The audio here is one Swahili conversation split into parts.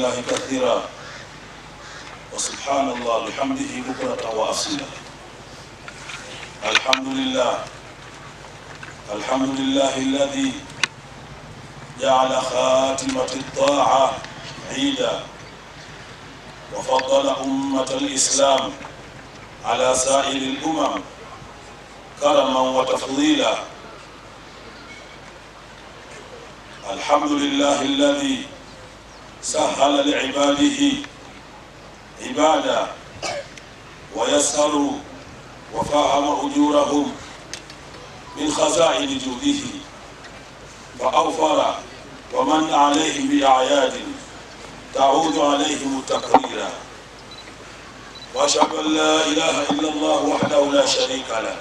لله كثيرا وسبحان الله بحمده بكرة وأصيلا الحمد لله الحمد لله الذي جعل خاتمة الطاعة عيدا وفضل أمة الإسلام على سائر الأمم كرما وتفضيلا الحمد لله الذي سهل لعباده عبادة ويسهل وفاهم أجورهم من خزائن جوده فأوفر ومن عليهم بأعياد تعود عليهم تقريرا وأشهد أن لا إله إلا الله وحده لا شريك له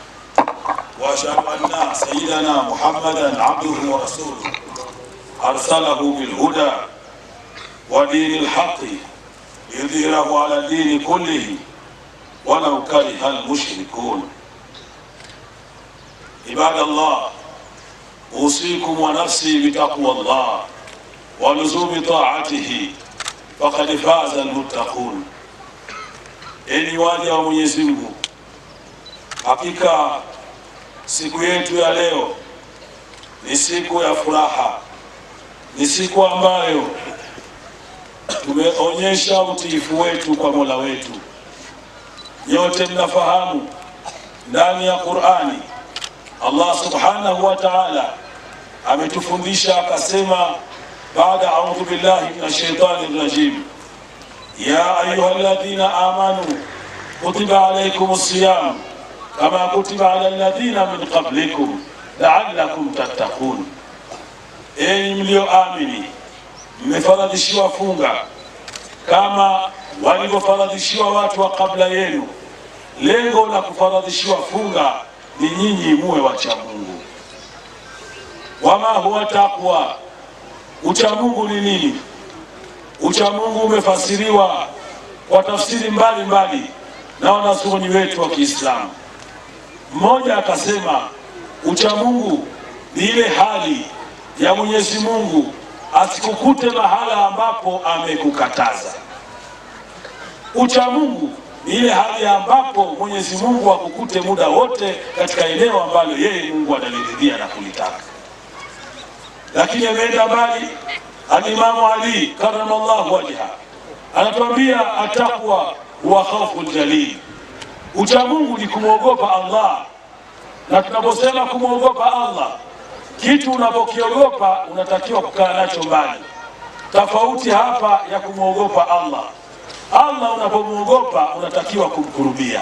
وأشهد أن سيدنا محمدا عبده ورسوله أرسله بالهدى wa dini lhaqi yudhhirahu ala dini kullihi walau kariha lmushrikun. Ibada llah usikum wa nafsi bitaqwa llah wa luzumi taatihi faqad faza lmuttaqun. Enyi waja wa Mwenyezi hakika siku yetu ya leo ni siku ya furaha, ni siku ambayo tumeonyesha utiifu wetu kwa Mola wetu. Nyote mnafahamu ndani ya Qur'ani Allah subhanahu wa ta'ala ametufundisha akasema, baada audhu billahi minash shaitani rajim, ya ayyuhalladhina amanu kutiba alaykumus siyam kama kutiba ala alladhina min qablikum la'allakum tattaqun, enyi mlioamini mmefaradhishiwa funga kama walivyofaradhishiwa watu wa kabla yenu. Lengo la kufaradhishiwa funga ni nyinyi muwe wacha Mungu. Wama huwa takwa, ucha Mungu ni nini? Ucha Mungu umefasiriwa kwa tafsiri mbalimbali na wanazuoni wetu wa Kiislamu. Mmoja akasema ucha Mungu ni ile hali ya Mwenyezi Mungu asikukute mahala ambapo amekukataza. Ucha Mungu ni ile hali ambapo Mwenyezi Mungu akukute muda wote katika eneo ambalo yeye Mungu analiridhia na kulitaka. Lakini ameenda mbali, alimamu Ali karamallahu wajha anatuambia atakwa wa khawful jalil, ucha Mungu ni kumwogopa Allah, na tunaposema kumwogopa Allah kitu unapokiogopa unatakiwa kukaa nacho mbali, tofauti hapa ya kumwogopa Allah. Allah unapomwogopa unatakiwa kumkurubia,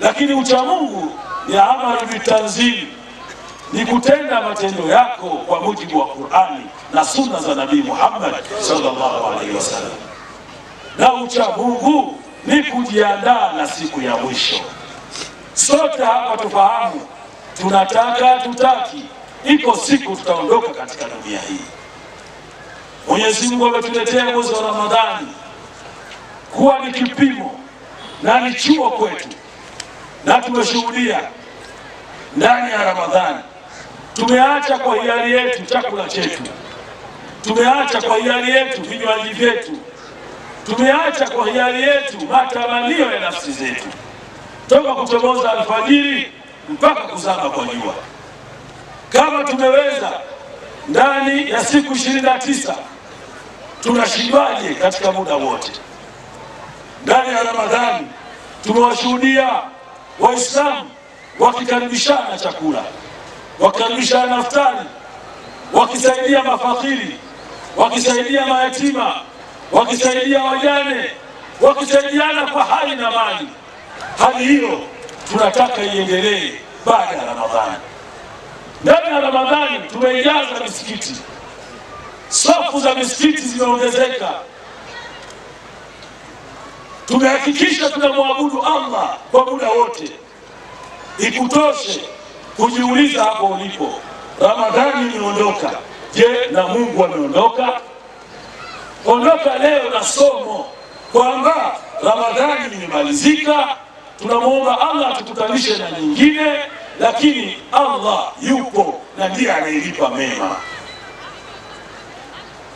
lakini ucha Mungu ni amalu bitanzili, ni kutenda matendo yako kwa mujibu wa Qur'ani na sunna za Nabii Muhammad sallallahu alaihi wasallam. Na ucha Mungu ni kujiandaa na siku ya mwisho. Sote hapa tufahamu tunataka tutaki, iko siku tutaondoka katika dunia hii. Mwenyezi Mungu ametuletea mwezi wa Ramadhani kuwa ni kipimo na ni chuo kwetu, na tumeshuhudia ndani ya Ramadhani tumeacha kwa hiari yetu chakula chetu, tumeacha kwa hiari yetu vinywaji vyetu, tumeacha kwa hiari yetu matamanio ya nafsi zetu toka kuchomoza alfajiri mpaka kuzama kwa jua. Kama tumeweza ndani ya siku ishirini na tisa tunashindwaje katika muda wote? Ndani ya Ramadhani tumewashuhudia Waislamu wakikaribishana chakula, wakikaribishana iftari, wakisaidia mafakiri, wakisaidia mayatima, wakisaidia wajane, wakisaidiana kwa hali na mali. Hali hiyo tunataka iendelee baada ya Ramadhani. Ndani ya Ramadhani tumeijaza misikiti, safu za misikiti zimeongezeka. Tumehakikisha tunamwabudu Allah kwa muda wote. Ikutoshe kujiuliza hapo ulipo, Ramadhani imeondoka, je, na Mungu ameondoka? Ondoka leo na somo kwamba Ramadhani imemalizika tunamwomba Allah tukutanishe na nyingine, lakini Allah yupo na ndiye anayelipa mema.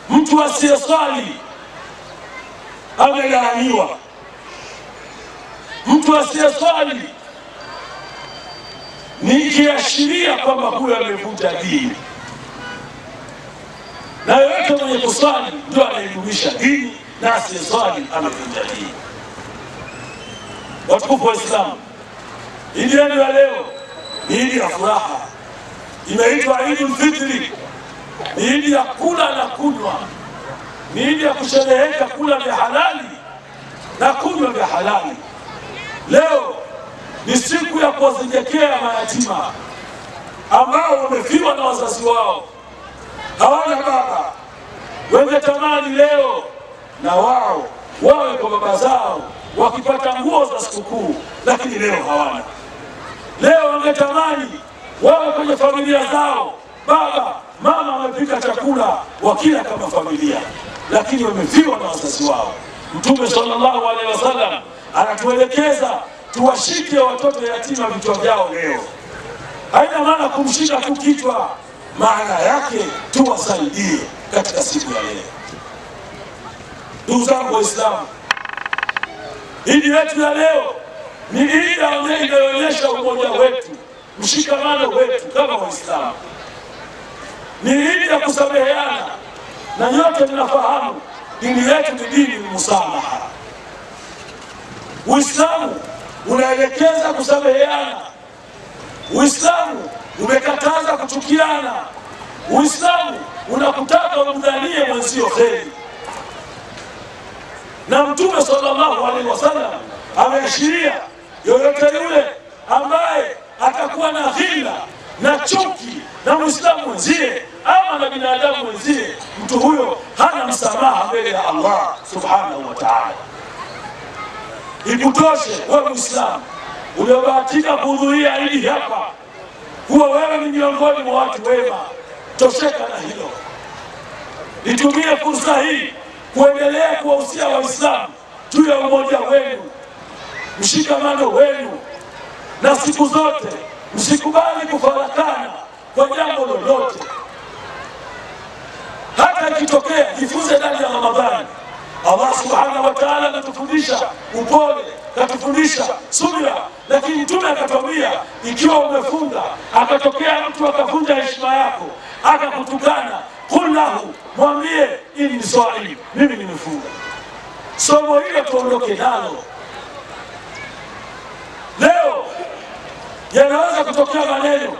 Mtu asiyesali amelaaniwa, mtu asiyesali ni kiashiria kwamba huyo amevunja dini, na yoyote mwenye kusali ndio anayedumisha dini, na asiyeswali amevunja dini. Watukufu wa Islam, Idi yenu ya leo ni idi ya furaha, imeitwa Idul Fitri. Ni idi ya kula na kunywa, ni idi ya kushereheka, kula vya halali na kunywa vya halali. Leo ni siku ya kuwazinjekea mayatima ambao wamefiwa na wazazi wao, hawana baba, wenye tamani leo na wao wawe kwa baba zao wakipata nguo za sikukuu, lakini leo hawana. Leo wangetamani wawe kwenye familia zao, baba mama wamepika chakula wakila kama familia, lakini wamefiwa na wazazi wao. Mtume sallallahu alaihi wasallam anatuelekeza tuwashike watoto yatima vichwa vyao. Leo haina maana kumshika tu kichwa, maana yake tuwasaidie katika siku ya leo. Ndugu zangu Waislamu, Idi yetu ya leo ni idi inayoonyesha umoja wetu, mshikamano wetu kama Waislamu. Ni idi ya kusameheana, na nyote mnafahamu dini yetu ni dini musamaha. Uislamu unaelekeza kusameheana. Uislamu umekataza kuchukiana. Uislamu unakutaka umdhanie mwenzio kheri na Mtume sallallahu alaihi wasallam ameashiria yoyote yule ambaye atakuwa na ghila na chuki na Muislamu mwenzie ama na binadamu mwenzie, mtu huyo hana msamaha mbele ya Allah subhanahu wa ta'ala. Ikutoshe wewe Muislamu uliobahatika kuhudhuria ili hapa kuwa wewe ni miongoni mwa watu wema, tosheka na hilo. Nitumie fursa hii kuendelea kuwahusia Waislamu juu ya umoja wenu, mshikamano wenu, na siku zote msikubali kufarakana kwa jambo lolote. Hata ikitokea jifunze ndani ya Ramadhani. Allah subhanahu wa taala anatufundisha upole, katufundisha subira, lakini Mtume akatwambia, ikiwa umefunga akatokea mtu akavunja heshima yako akakutukana Qul lahu, mwambie ni swali, mimi nimefunga. Somo hilo tuondoke nalo leo. Yanaweza kutokea maneno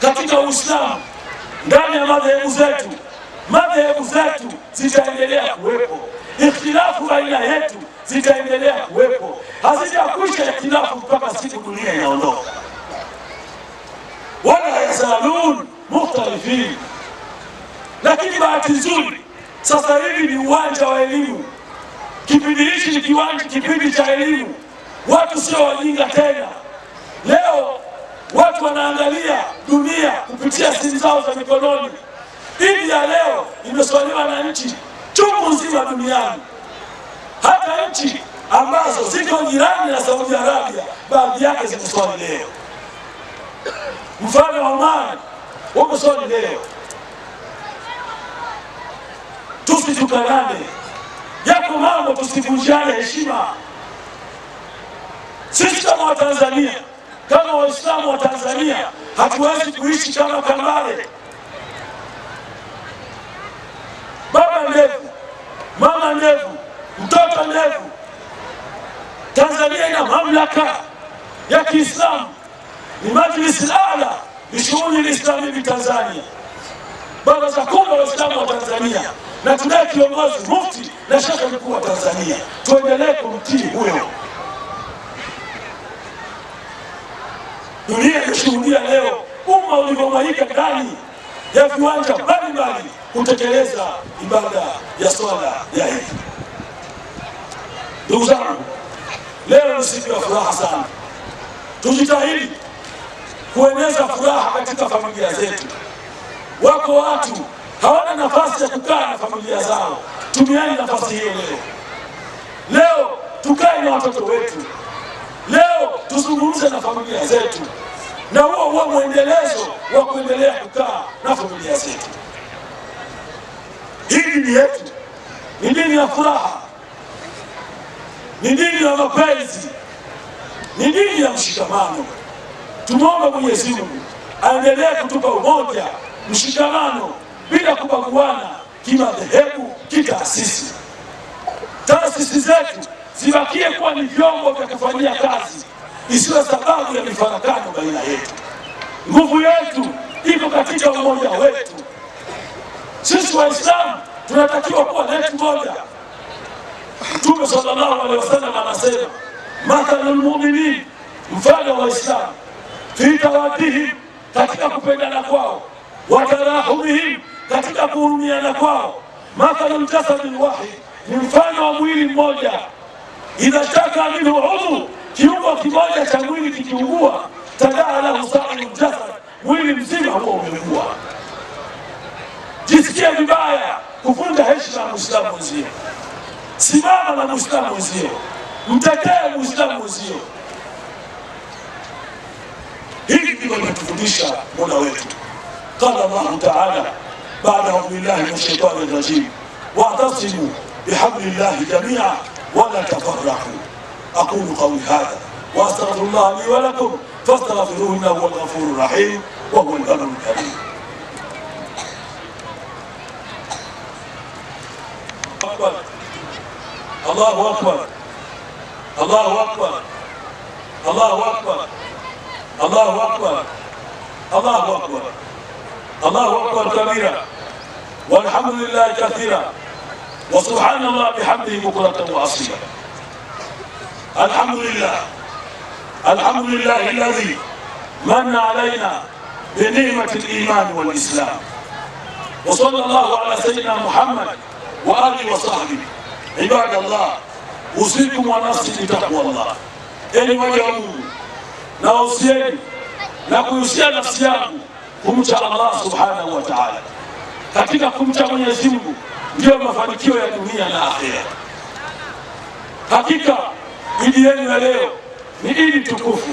katika Uislamu ndani ya madhehebu zetu. Madhehebu zetu zitaendelea kuwepo, ikhtilafu baina yetu zitaendelea kuwepo, hazijakwisha ikhtilafu mpaka siku dunia inaondoka. wala yazalun mukhtalifin lakini bahati nzuri sasa hivi ni uwanja wa elimu. Kipindi hichi ni kiwanja, kipindi cha elimu. Watu sio wajinga tena. Leo watu wanaangalia dunia kupitia simu zao za mikononi. ya leo imeswaliwa na nchi chungu nzima duniani, hata nchi ambazo ziko jirani na Saudi Arabia baadhi yake zimeswali leo. Mfano wa Oman swali leo. tusitukangane, yako mambo tusivunjane heshima. Sisi kama Watanzania, kama Waislamu wa Tanzania, hatuwezi kuishi kama Kambale. Baba ndevu, mama ndevu, mtoto ndevu. Tanzania ina mamlaka ya Kiislamu, ni Majlisi Ala ni shughuli Islami Tanzania. Baba Jacomo wa Waislamu wa Tanzania na tunaye kiongozi mufti na shekhe mkuu wa Tanzania, tuendelee kumtii huyo. Dunia imeshuhudia leo umma ulivyomwalika ndani ya viwanja mbalimbali kutekeleza ibada ya swala ya Idi. Ndugu zangu, leo ni siku ya furaha sana, tujitahidi kueneza furaha katika familia zetu. Wako watu hawana nafasi ya kukaa na familia zao. Tumiani nafasi hiyo leo. Leo tukae na watoto wetu, leo tuzungumze na familia zetu, na huo huo mwendelezo wa kuendelea kukaa na familia zetu. Hii dini yetu ni dini ya furaha, ni dini ya mapenzi, ni dini ya mshikamano. Tumwombe Mwenyezi Mungu aendelee kutupa umoja mshikamano bila kubaguana kimadhehebu, kitaasisi. Taasisi zetu zibakie kuwa ni vyombo vya kufanyia kazi, isiwe sababu ya mifarakano baina yetu. Nguvu yetu iko katika umoja wetu. Sisi Waislamu tunatakiwa kuwa letu moja. Mtume sallallahu alaihi wasallam anasema mathalul mu'minin, mfano wa Waislamu fi tawadihim, katika kupendana kwao wa tarahumihim, katika kuhurumiana kwao. Mathalu ljasadin wahid, ni mfano wa mwili mmoja. Idha shaka minhu udhu, kiungo kimoja cha mwili kikiungua tadaa lahu sairu jasad, mwili mzima huo umeugua. jisikia vibaya kuvunja heshima ya mwislamu mwenzio. Simama na mwislamu mwenzio, mtetee mwislamu mwenzio. Hili ndilo linatufundisha mola wetu. قال الله تعالى بعد أعوذ بالله من الشيطان الرجيم واعتصموا بحبل الله جميعا ولا تفرقوا أقول قولي هذا وأستغفر الله لي ولكم فاستغفروه إنه هو الغفور الرحيم وهو البر الكريم أكبر الله أكبر الله أكبر الله أكبر الله أكبر الله أكبر الله أكبر كبيرا والحمد لله كثيرا وسبحان الله بحمده بكرة وأصيلا الحمد لله الحمد لله الذي من علينا بنعمة الإيمان والإسلام وصلى الله على سيدنا محمد وآله وصحبه عباد الله أوصيكم ونفسي بتقوى الله اني وجهه نوصيكم نقول na kuhusia kumcha Allah subhanahu wa ta'ala. Katika kumcha Mwenyezi Mungu ndiyo mafanikio ya dunia na akhera. Hakika idi yenu ya leo ni idi tukufu,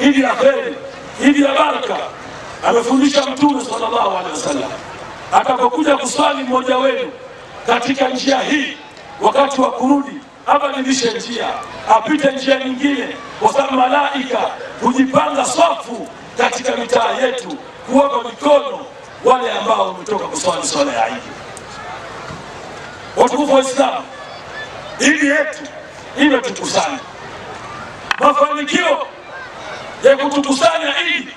idi ya kheri, idi ya baraka. Amefundisha Mtume sallallahu alaihi wasallam, atakapokuja kuswali mmoja wenu katika njia hii, wakati wa kurudi abadilishe njia, apite njia nyingine, kwa sababu malaika hujipanga swafu katika mitaa yetu kuwapa mikono wale ambao wametoka kuswali swala ya Idi. Watukufu wa Islamu, Idi yetu imetukusanya. Mafanikio ya kutukusanya Idi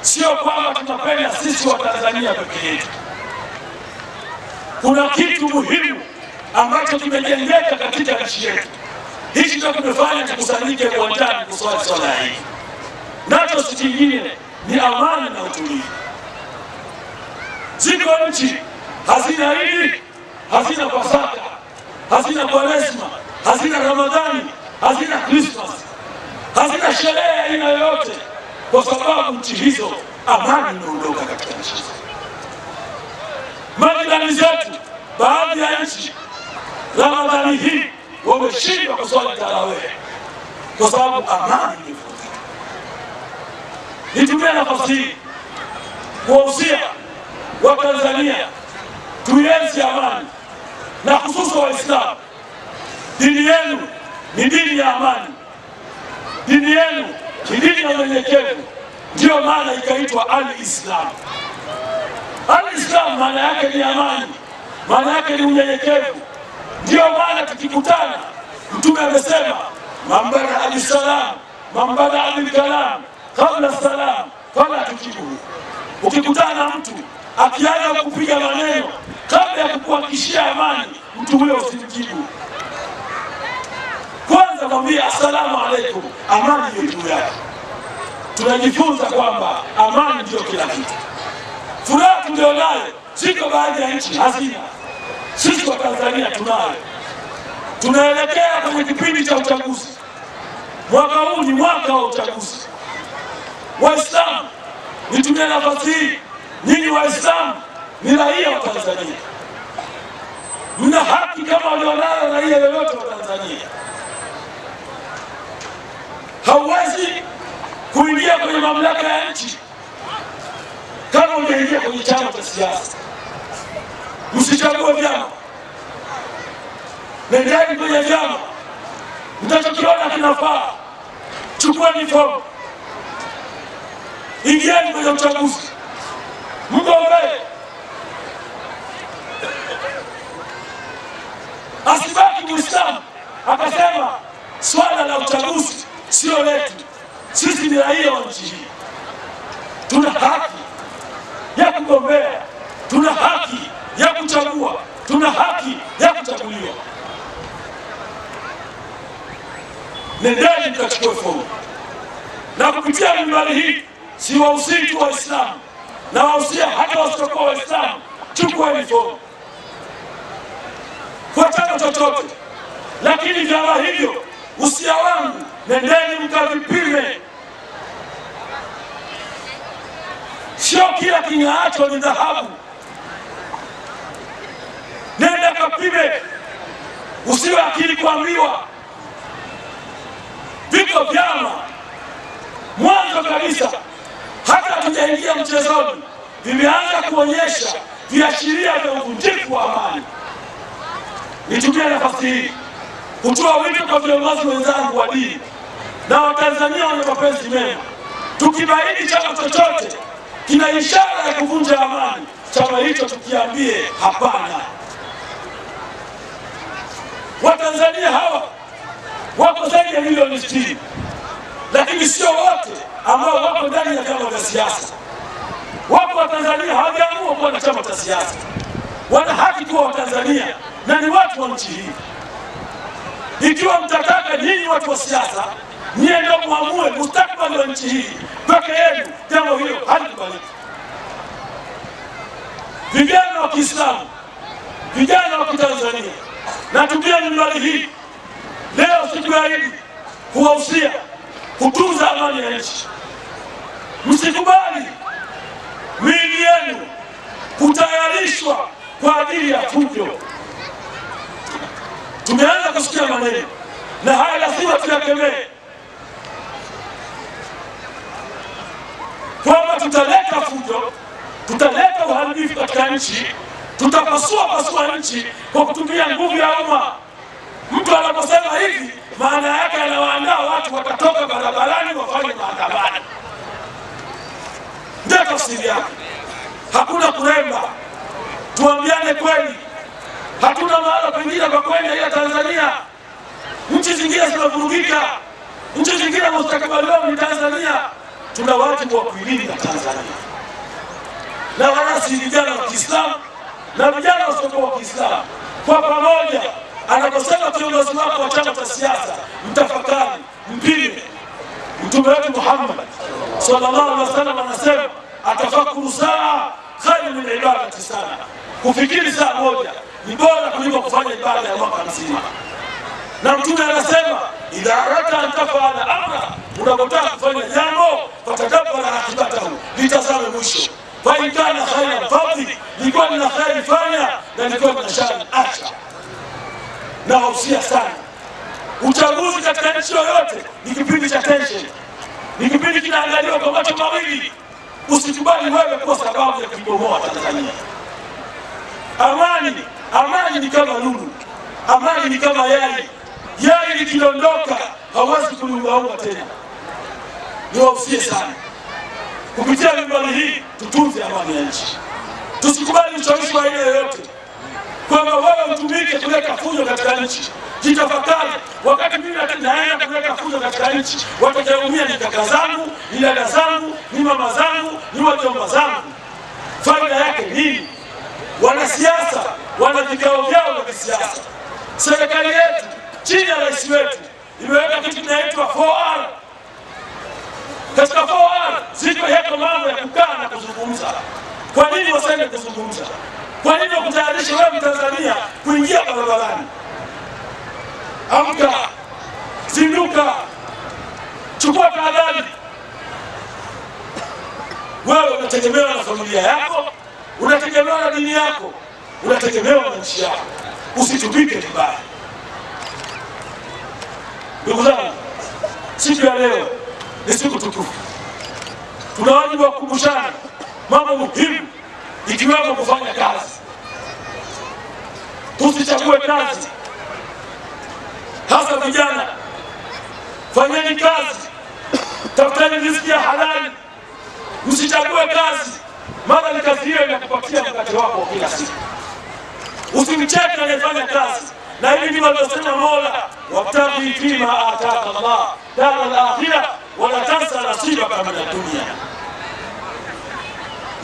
sio kwamba tunapenda sisi wa Tanzania peke yetu. Kuna kitu muhimu ambacho kimejengeka katika nchi yetu, hichi ndio kimefanya tukusanyike uwanjani kuswali swala ya Idi, nacho si kingine ni amani na utulivu. Ziko nchi hazina Idi, hazina Pasaka, hazina Kwaresma, hazina Ramadhani, hazina Krismasi, hazina sherehe ya aina yoyote, kwa sababu nchi hizo amani imeondoka katika nchi hizo. Majirani zetu, baadhi ya nchi Ramadhani hii wameshindwa kuswali tarawehe kwa sababu amani Nitumie nafasi hii kuwahusia Watanzania tuienzi amani na hususa Waislamu. Dini yenu ni dini ya amani, dini yenu ni dini ya unyenyekevu, ndiyo maana ikaitwa al-Islam. Al-Islam maana yake ni amani, maana yake ni unyenyekevu. Ndiyo maana tukikutana, Mtume amesema man badaa mambada man kabla salamu kabla tujibu. Ukikutana na mtu akianza kupiga maneno kabla ya kukuhakikishia amani, mtu huyo usimjibu kwanza, mwambie assalamu alaikum, amani hiyo juu yake Tunajifunza kwamba amani ndiyo kila kitu. Furaha tulionayo siko baadhi ya nchi hazina, sisi wa Tanzania tunayo. Tunaelekea kwenye kipindi cha uchaguzi, mwaka huu ni mwaka wa uchaguzi. Waislamu, nitumie nafasi hii, nyinyi waislam ni raia wa Tanzania, mna haki kama walionayo raia yoyote wa Tanzania. Hauwezi kuingia kwenye mamlaka ya nchi kama ujaingia kwenye chama cha siasa. Msichague vyama, nendeni kwenye vyama mtachokiona kinafaa, ni fomu. Ingieni kwenye uchaguzi, mgombee, asibaki Muislamu akasema swala la uchaguzi sio letu. Sisi ni raia wa nchi hii, tuna haki ya kugombea, tuna haki ya kuchagua, tuna haki ya kuchaguliwa. Nendeni mkachukue fomu na kupitia mimbari hii si tu Waislamu na wausia hata wasiokuwa Waislamu, chukua uniform kwa chama chochote. Lakini vyama hivyo, usia wangu, nendeni mkavipime. Sio kila king'aacho ni dhahabu. Nenda kapime, usiwe akili kuambiwa. Viko vyama mwanzo kabisa hata tujaingia mchezoni, vimeanza kuonyesha viashiria vya uvunjifu wa amani. Nitumie nafasi hii kutoa wito kwa viongozi wenzangu wa dini na Watanzania wenye mapenzi mema, tukibaini chama chochote kina ishara ya kuvunja amani, chama hicho tukiambie hapana. Watanzania hawa wako zaidi ya milioni sitini lakini sio wote ambao wako ndani ya vyama vya siasa. Wapo Watanzania hawajaamua kuwa na chama cha siasa, wana haki kuwa Watanzania na ni watu wa nchi hii. Ikiwa mtataka nyinyi watu wa siasa, niye ndio muamue mustakabali wa nchi hii peke yenu. Jambo hilo halikubaliki. Vijana wa Kiislamu, vijana wa Kitanzania, natumia mimbari hii leo siku ya Idi kuwahusia kutunza amani ya nchi. Msikubali miili yenu kutayarishwa kwa ajili ya fujo. Tumeanza kusikia maneno na haya, lazima tuyakemee kwamba tutaleta fujo, tutaleta uharibifu katika nchi, tutapasua pasua nchi kwa kutumia nguvu ya umma. Mtu anaposema hivi maana yake anawaandaa watu watatoka barabarani wafanye maandamano. Ndio tafsiri yake, hakuna kuremba. Tuambiane kweli, hatuna mahala pengine kwa kwenda, ila Tanzania. Nchi zingine zinavurugika, nchi zingine mustakabali wao ni Tanzania. Tuna wajibu wa kuilinda Tanzania na wanasi vijana wa Kiislamu na vijana wasiokuwa wa Kiislamu kwa pamoja Anaposema kiongozi wako wa chama cha siasa, mtafakari, mpime. Mtume wetu Muhammad sallallahu alaihi wasallam anasema atafakuru saa khairu min ibadati sana, kufikiri saa moja ni bora kuliko kufanya ibada ya mwaka mzima. Na mtume anasema idha arata antafala amra, unapotaka kufanya jambo fatadabara akibatahu, litazame mwisho fainkana khairan fadhi, likiwa na kheri fanya na likiwa nina shari acha nawahusia sana, uchaguzi katika nchi yoyote ni kipindi cha tension, ni kipindi kinaangaliwa kwa macho mawili. Usikubali wewe kuwa sababu ya kuibomoa Tanzania. Amani, amani ni kama lulu, amani ni kama yai, yai likidondoka hawezi kuliungaunga tena. Niwahusie sana kupitia mimbari hii, tutunze amani ya nchi, tusikubali ushawishi wa aina yoyote kwamba wewe utumike kuleta fujo katika nchi. Jitafakari, wakati mimi naenda kuleta fujo katika nchi, watajaumia ni kaka zangu, ni dada zangu, ni mama zangu, ni wajomba zangu. Faida yake nini? Wanasiasa wana vikao vyao vya kisiasa. Serikali yetu chini ya rais wetu imeweka kitu kinaitwa 4R. Katika 4R ziko yako mambo ya kukaa na kuzungumza. Kwa nini wasende kuzungumza? Kwa nini kutayarisha wewe Mtanzania kuingia barabarani? Amka, zinduka, chukua tahadhari. Wewe unategemewa na familia yako, unategemewa na dini yako, unategemewa na nchi yako. Usitumike vibaya, ndugu zangu. Siku ya leo ni siku tukufu, tuna wajibu wa kukumbushana mambo muhimu ikiwemo kufanya kazi. Tusichague kazi, hasa vijana, fanyeni kazi, tafuteni riziki ya halali, msichague kazi, mara ni kazi hiyo inakupatia mkate wako kila siku. Usimcheke anayefanya kazi, na hivi ndivyo alivyosema Mola, wabtaghi fima ataka Allah dara lakhira wala tansa nasibaka mina dunia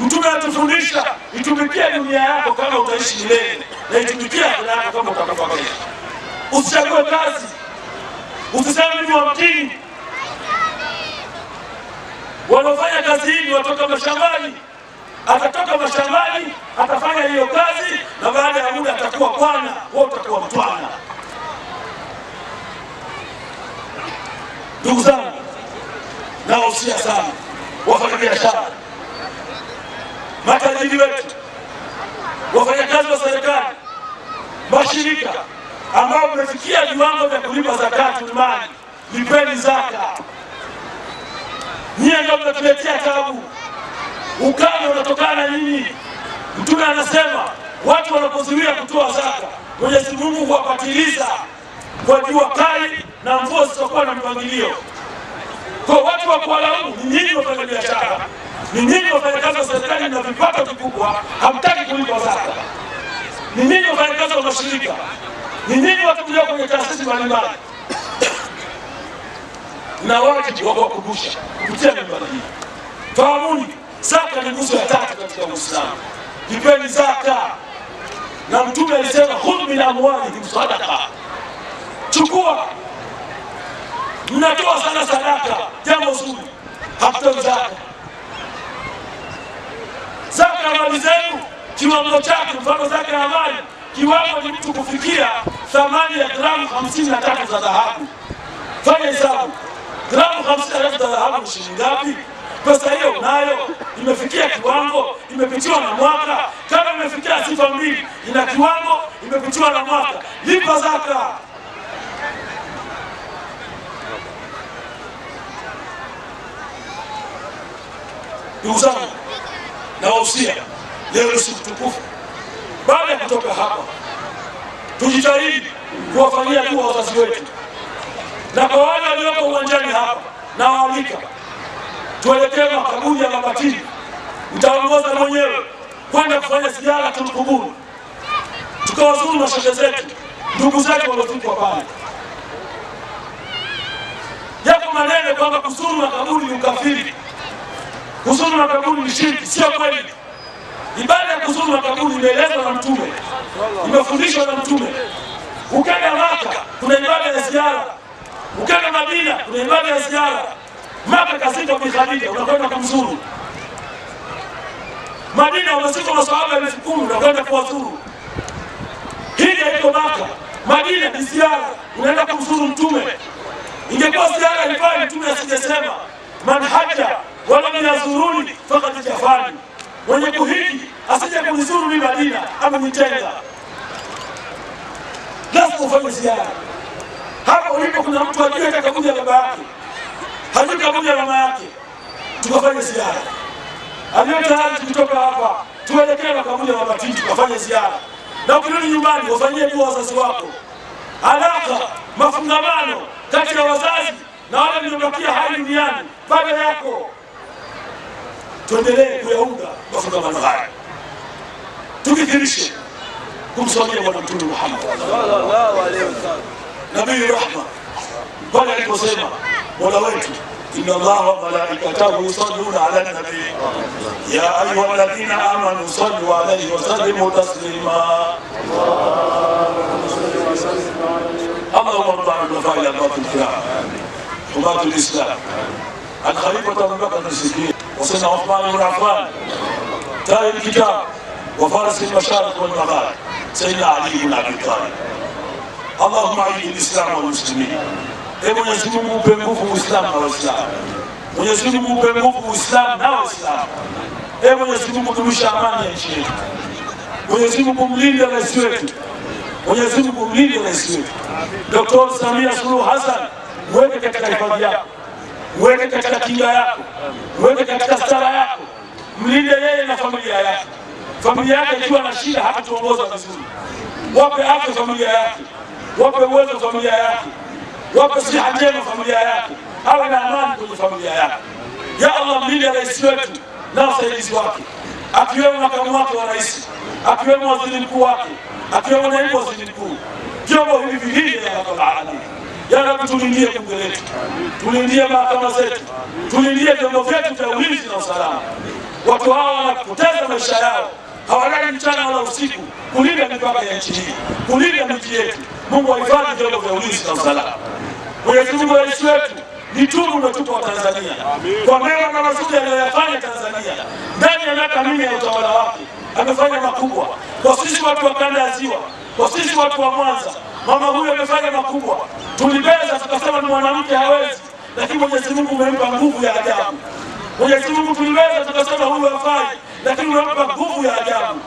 Mtume anatufundisha itumikie dunia yako kama utaishi milele, na itumikie akhera yako kama utakapokuwa. Usichague kazi, usiseme ni wa Wanaofanya kazi hii ni watoka mashambani. Atatoka mashambani, atafanya hiyo kazi, na baada ya muda atakuwa kwana wewe utakuwa mtwana. Ndugu zangu, nawahusia sana wafanyabiashara matajiri wetu, wafanyakazi wa serikali, mashirika ambao mmefikia viwango vya kulipa zakatu mali, lipeni zaka. Nyie ndio mnatuletea tabu. Ukame unatokana na nini? Mtume anasema watu wanapozuia kutoa zaka, Mwenyezi Mungu huwapatiliza kwa jua kali na mvua zitakuwa na mpangilio. Kwa watu wa kuwalaumu ni nyinyi biashara ni nyinyi wafanyakazi wa serikali na vipato vikubwa, hamtaki kulipa zaka, ni nyinyi wafanyakazi wa mashirika, ni nyinyi watu mlio kwenye taasisi mbalimbali na wajibu wa kuwakumbusha kupitia mimbari hii. Fahamuni, zaka ni nguzo ya tatu katika Uislamu. kipeni zaka, na Mtume alisema khudh min amwalihim sadaqa, chukua mnatoa sana sadaka, jambo zuri, hatutoi zaka. Zaka ya mali zenu kiwango chake, mfano zaka ya mali kiwango ni mtu kufikia thamani ya gramu hamsini na tatu za dhahabu. Fanya hesabu, gramu hamsini na tatu za dhahabu ni shilingi ngapi? Pesa hiyo unayo, imefikia kiwango, imepitiwa na mwaka. Kama imefikia sifa mbili, ina kiwango, imepitiwa na mwaka, lipa zaka. Ndugu zangu, nawahusia leo ni siku tukufu. Baada ya kutoka hapa, tujitahidi kuwafanyia dua wazazi wetu, na kwa wale walioko uwanjani hapa nawaalika tuelekee makaburi ya Mabatini, mtaongoza mwenyewe kwenda kufanya ziara, tumkuburu, tukawazuru shehe zetu, ndugu zetu waliofikwa pale. Yapo maneno kwamba kuzuru makaburi ni ukafiri kuzuru makaburi ni shirki, sio kweli. Ibada ya kuzuru makaburi imeelezwa na Mtume, imefundishwa na Mtume. Ukenda Maka kuna ibada ya ziara, ukenda Madina kuna ibada ya ziara. Maka kasinda Bi Khadija, unakwenda kumzuru. Madina wamesika masahaba elfu kumi unakwenda kuwazuru. Hili iko Maka, Madina ni ziara, unaenda kumzuru Mtume. Ingekuwa ziara ilifaa Mtume asijasema man haja walam yazuruni fakat jafani, mwenye kuhiji asije kunizuru mimi Madina amenitenga. Lazima ufanye ziara hapa ulipo. Kuna mtu ajue atakuja baba yake, hajui kakuja mama yake, tukafanye ziara aliyotayari. Tukitoka hapa tuelekee Bagamoyo na tukafanye ziara, na ukirudi nyumbani wafanyie dua wazazi wako. Alaka mafungamano kati ya wazazi na wale mliobakia hai duniani baba yako tuendelee kuyaunga mafungamano haya, tukifirishe kumswalia Bwana Mtume Muhammad sallallahu alaihi wasallam, nabii rahma, pale aliposema Mola wetu inna Allaha wa malaikatahu yusalluna ala nabii ya ayuha alladhina amanu sallu alayhi wa sallimu taslima اللهم ارض عن الخلفاء الاربعه الكرام حماة الاسلام الخليفة ابو بكر الصديق وسيدنا عثمان بن عفان تاج الكتاب وفارس المشارق والمغارب سيدنا علي بن ابي طالب. اللهم اعز الاسلام والمسلمين. Ee Mwenyezi Mungu upe nguvu Uislamu na Waislamu. Mwenyezi Mungu upe nguvu Uislamu na Waislamu. Ee Mwenyezi Mungu dumisha amani ya nchi yetu. Mwenyezi Mungu mlinde rais wetu. Mwenyezi Mungu mlinde rais wetu. Dkt. Samia Suluhu Hassan, mweke katika hifadhi yako uweke katika kinga yako, uweke katika stara yako, mlinde yeye na familia yake. Familia yake ikiwa na shida, tuongoza vizuri. Wape afya familia yake, wape uwezo familia yake, wape siha njema familia yake, awe na amani kwenye familia yake. Ya Allah, mlinde rais wetu na wasaidizi wake, akiwemo makamu wake wa rais, akiwemo waziri mkuu wake, akiwemo naibu waziri mkuu. Vyombo hivi vilinde ya Rabbal Alamin. Ya Rabbi, tulindie bunge letu, tulindie mahakama zetu, tulindie vyombo vyetu vya ulinzi na usalama. Watu hawa wanapoteza maisha yao, hawalali mchana wala usiku kulinda mipaka ya nchi hii, kulinda miji yetu. Mungu ahifadhi vyombo vya ulinzi na usalama. Mwenyezi Mungu, rais wetu ni tunu umetupa wa Tanzania kwa mema na mazuri aliyoyafanya Tanzania ndani ya miaka minne ya utawala wake, amefanya makubwa kwa sisi watu wa kanda ya Ziwa, kwa sisi watu wa Mwanza Mama huyo amefanya makubwa, tulibeza tukasema ni mwanamke hawezi, lakini Mwenyezi Mungu umempa nguvu ya ajabu. Mwenyezi Mungu tulibeza tukasema huyu hafai, lakini umempa nguvu ya ajabu.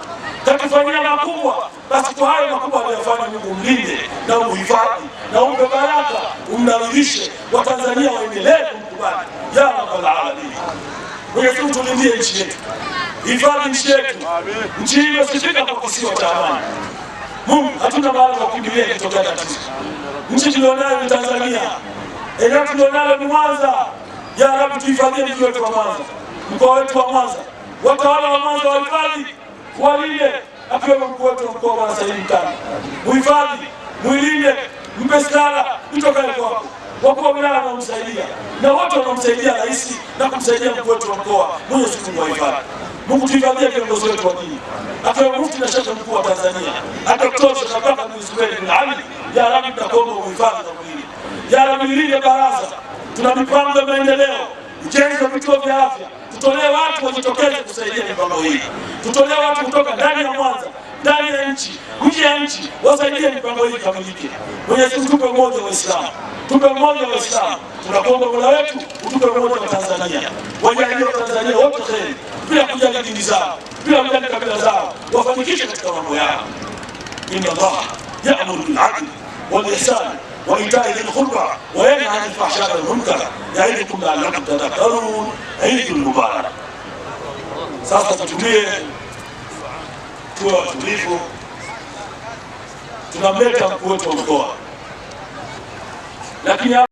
Katufanyia makubwa, basi kwa hayo makubwa aliyofanya, Mungu mlinde na umhifadhi na umpe baraka, umnawilishe, Watanzania waendelee kumkubali ya Rabbal Alamin. Mwenyezi Mungu tulindie nchi yetu, hifadhi nchi yetu, nchi hii imesifika kwa kisiwa cha amani. Mungu, hatuna mahali pa kukimbilia ikitokea tatizo. Nchi tulionayo ni Tanzania, eneo tulionayo ni Mwanza. Ya Rabi, tuifanyie mji wetu wa Mwanza, mkoa wetu wa Mwanza, watawala wa Mwanza wahifadhi, walinde, akiwemo mkuu wetu wa mkoa Bwana Saidi Mtani, muhifadhi, muilinde, mpe stara mtokae kwako wakuu wa wilaya wanaomsaidia na wote wanamsaidia rais na kumsaidia mkuu wetu wa mkoa, Mwenyezi Mungu wahifadhi. Mungu tujalie viongozi wetu wa dini, akiwa mufti na shekhe mkuu wa Tanzania, akatoa Sheikh Abubakar Ali. Ya Rabbi, tutakuomba uhifadhi na kulinda. Ya Rabbi, lile baraza, tuna mipango ya maendeleo, ujenzi wa vituo vya afya, tutolee watu wajitokeze kusaidia mipango hii, tutolee watu kutoka ndani ya Mwanza ndani ya nchi nje ya nchi wasaidie mipango hii kamilike. Mwenyezi Mungu tupe umoja wa Waislamu, tupe umoja wa Waislamu. Tunakuomba Mola wetu utupe umoja wa Tanzania, wajalie Watanzania wote heri bila kujali dini zao, bila kujali kabila zao, wafanikishe katika mambo yao. Inna Allah ya'muru bil adli wal ihsan wa ita'i dhil qurba wa yanha 'anil fahsha'i wal munkar ya'idukum la'allakum tadhakkarun. Eidul Mubarak. Sasa tutumie tuwe watulivu. Tunamleta mkuu wetu wa mkoa lakini